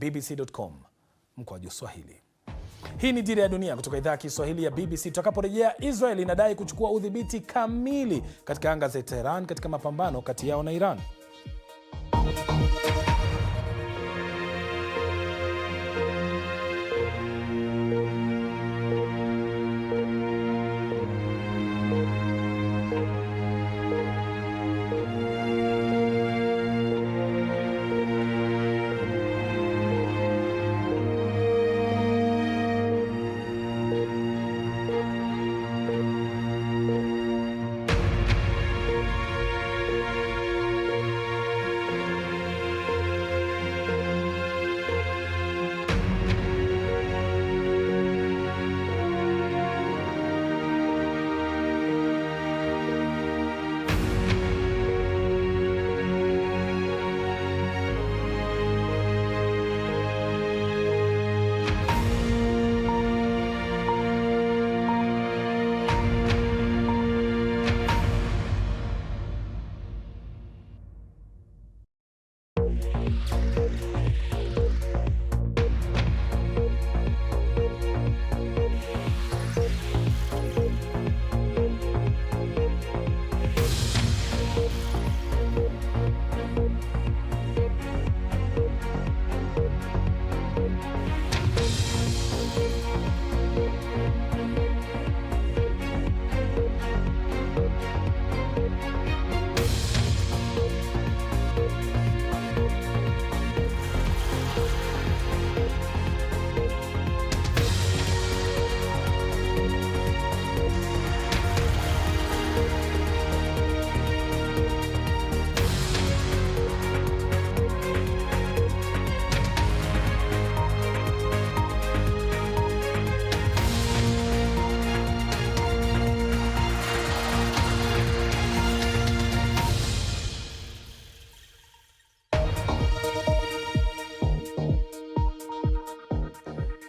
BBC.com mkoaju Swahili. Hii ni Dira ya Dunia kutoka idhaa ya Kiswahili ya BBC. Tutakaporejea, Israel inadai kuchukua udhibiti kamili katika anga za Teheran katika mapambano kati yao na Iran.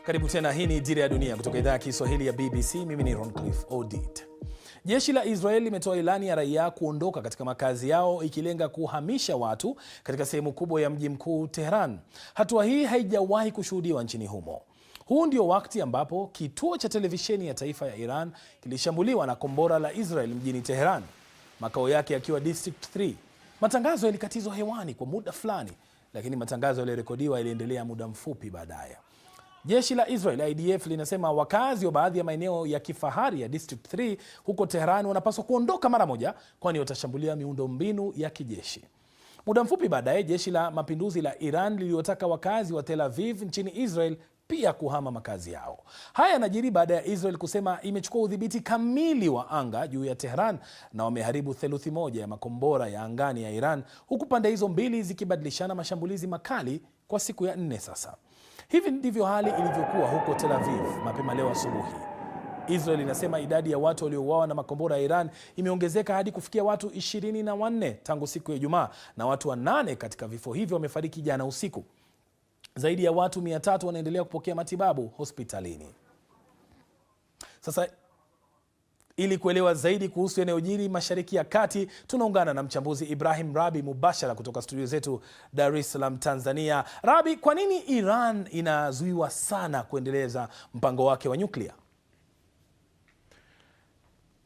Karibu tena, hii ni Dira ya Dunia kutoka idhaa ya Kiswahili ya BBC. Mimi ni roncliff Odit. Jeshi la Israel limetoa ilani ya raia kuondoka katika makazi yao ikilenga kuhamisha watu katika sehemu kubwa ya mji mkuu Tehran. Hatua hii haijawahi kushuhudiwa nchini humo. Huu ndio wakti ambapo kituo cha televisheni ya taifa ya Iran kilishambuliwa na kombora la Israel mjini teheran makao yake yakiwa District 3. Matangazo yalikatizwa hewani kwa muda fulani, lakini matangazo yaliyorekodiwa yaliendelea muda mfupi baadaye. Jeshi la Israel IDF linasema wakazi wa baadhi ya maeneo ya kifahari ya District 3 huko Tehran wanapaswa kuondoka mara moja, kwani watashambulia miundombinu ya kijeshi. Muda mfupi baadaye, jeshi la mapinduzi la Iran liliwataka wakazi wa Tel Aviv nchini Israel pia kuhama makazi yao. Haya yanajiri baada ya Israel kusema imechukua udhibiti kamili wa anga juu ya Tehran na wameharibu theluthi moja ya makombora ya angani ya Iran, huku pande hizo mbili zikibadilishana mashambulizi makali kwa siku ya nne sasa. Hivi ndivyo hali ilivyokuwa huko Tel Aviv mapema leo asubuhi. Israel inasema idadi ya watu waliouawa na makombora ya Iran imeongezeka hadi kufikia watu 24 tangu siku ya Ijumaa, na watu wanane katika vifo hivyo wamefariki jana usiku. Zaidi ya watu 300 wanaendelea kupokea matibabu hospitalini sasa. Ili kuelewa zaidi kuhusu yanayojiri Mashariki ya Kati, tunaungana na mchambuzi Ibrahim Rabi mubashara kutoka studio zetu Dar es Salaam, Tanzania. Rabi, kwa nini Iran inazuiwa sana kuendeleza mpango wake wa nyuklia?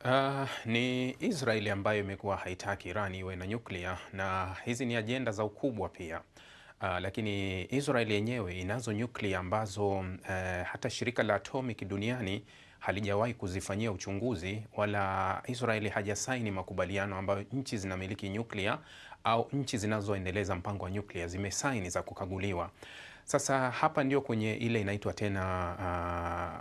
Uh, ni Israeli ambayo imekuwa haitaki Iran iwe na nyuklia na hizi ni ajenda za ukubwa pia. Uh, lakini Israeli yenyewe inazo nyuklia ambazo uh, hata shirika la atomic duniani halijawahi kuzifanyia uchunguzi wala Israeli hajasaini makubaliano ambayo nchi zinamiliki nyuklia au nchi zinazoendeleza mpango wa nyuklia zimesaini za kukaguliwa. Sasa hapa ndio kwenye ile inaitwa tena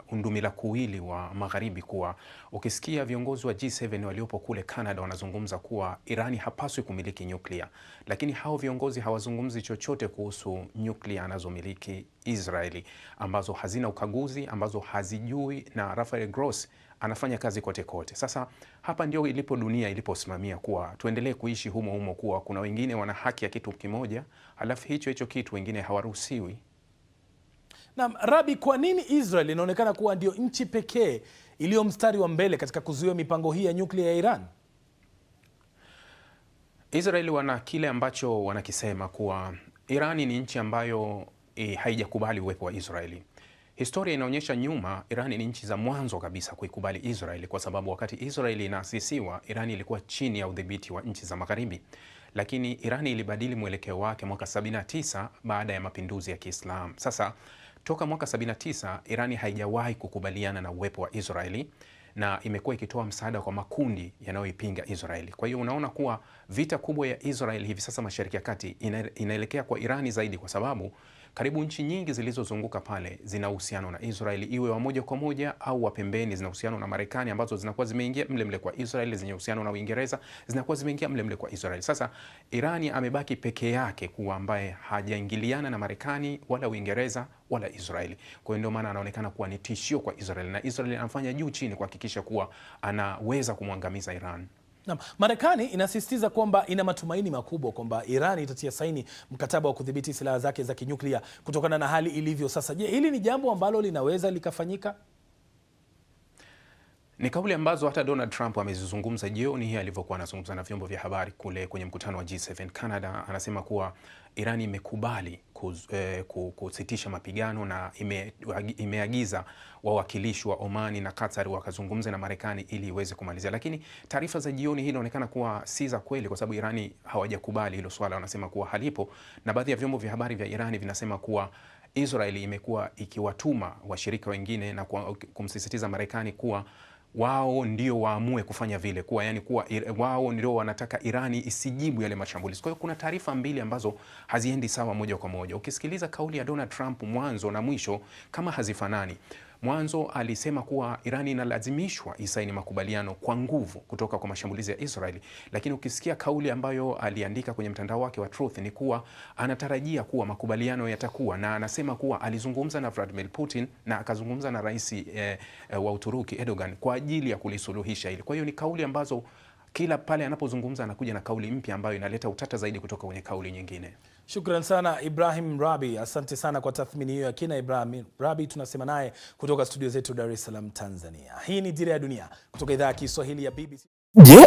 uh, undumila kuwili wa magharibi, kuwa ukisikia viongozi wa G7 waliopo kule Canada wanazungumza kuwa Irani hapaswi kumiliki nyuklia, lakini hao viongozi hawazungumzi chochote kuhusu nyuklia anazomiliki Israeli ambazo hazina ukaguzi, ambazo hazijui, na Rafael Gross anafanya kazi kote kote. Sasa hapa ndio ilipo dunia iliposimamia kuwa tuendelee kuishi humo humo, kuwa kuna wengine wana haki ya kitu kimoja, alafu hicho hicho kitu wengine hawaruhusiwi. Naam, Rabi, kwa nini Israel inaonekana kuwa ndio nchi pekee iliyo mstari wa mbele katika kuzuia mipango hii ya nyuklia ya Iran? Israeli wana kile ambacho wanakisema kuwa Irani ni nchi ambayo E, haijakubali uwepo wa Israeli. Historia inaonyesha nyuma, Irani ni nchi za mwanzo kabisa kuikubali Israeli kwa sababu wakati Israeli inaasisiwa, Irani ilikuwa chini ya udhibiti wa nchi za Magharibi, lakini Irani ilibadili mwelekeo wake mwaka 79 baada ya mapinduzi ya Kiislamu. Sasa toka mwaka 79 Irani haijawahi kukubaliana na uwepo wa Israeli na imekuwa ikitoa msaada kwa makundi yanayoipinga Israeli. Kwa hiyo unaona kuwa vita kubwa ya Israeli hivi sasa Mashariki ya Kati inaelekea kwa Irani zaidi kwa sababu karibu nchi nyingi zilizozunguka pale zina uhusiano na Israeli, iwe wa moja kwa moja au wa pembeni, zina uhusiano na Marekani ambazo zinakuwa zimeingia mle mle kwa Israeli, zenye uhusiano na Uingereza zinakuwa zimeingia mle mle kwa Israeli. Sasa Irani amebaki peke yake kuwa ambaye hajaingiliana na Marekani wala Uingereza wala Israeli. Kwa hiyo ndio maana anaonekana kuwa ni tishio kwa Israeli na Israeli anafanya juu chini kuhakikisha kuwa anaweza kumwangamiza Iran. Na Marekani inasisitiza kwamba ina matumaini makubwa kwamba Iran itatia saini mkataba wa kudhibiti silaha zake za kinyuklia kutokana na hali ilivyo sasa. Je, hili ni jambo ambalo linaweza likafanyika? Ni kauli ambazo hata Donald Trump amezizungumza jioni hii alivyokuwa anazungumza na vyombo vya habari kule kwenye mkutano wa G7 Canada. Anasema kuwa Iran imekubali kuz, eh, kusitisha mapigano na ime, imeagiza wawakilishi wa Omani na Qatar wakazungumze na Marekani ili iweze kumalizia, lakini taarifa za jioni hii inaonekana kuwa si za kweli, kwa sababu Irani hawajakubali hilo swala, wanasema kuwa halipo, na baadhi ya vyombo vya habari vya Irani vinasema kuwa Israeli imekuwa ikiwatuma washirika wengine na kumsisitiza Marekani kuwa wao ndio waamue kufanya vile kuwa yani kuwa wao ndio wanataka Irani isijibu yale mashambulizi. Kwa hiyo kuna taarifa mbili ambazo haziendi sawa moja kwa moja. Ukisikiliza kauli ya Donald Trump mwanzo na mwisho kama hazifanani. Mwanzo alisema kuwa Iran inalazimishwa isaini makubaliano kwa nguvu kutoka kwa mashambulizi ya Israeli, lakini ukisikia kauli ambayo aliandika kwenye mtandao wake wa Truth ni kuwa anatarajia kuwa makubaliano yatakuwa, na anasema kuwa alizungumza na Vladimir Putin na akazungumza na rais eh, eh, wa Uturuki Erdogan kwa ajili ya kulisuluhisha hili. Kwa hiyo ni kauli ambazo kila pale anapozungumza anakuja na kauli mpya ambayo inaleta utata zaidi kutoka kwenye kauli nyingine. Shukran sana Ibrahim Rabi, asante sana kwa tathmini hiyo ya kina. Ibrahim Rabi tunasema naye kutoka studio zetu Dar es Salaam, Tanzania. Hii ni Dira ya Dunia kutoka idhaa ya Kiswahili ya BBC. Je,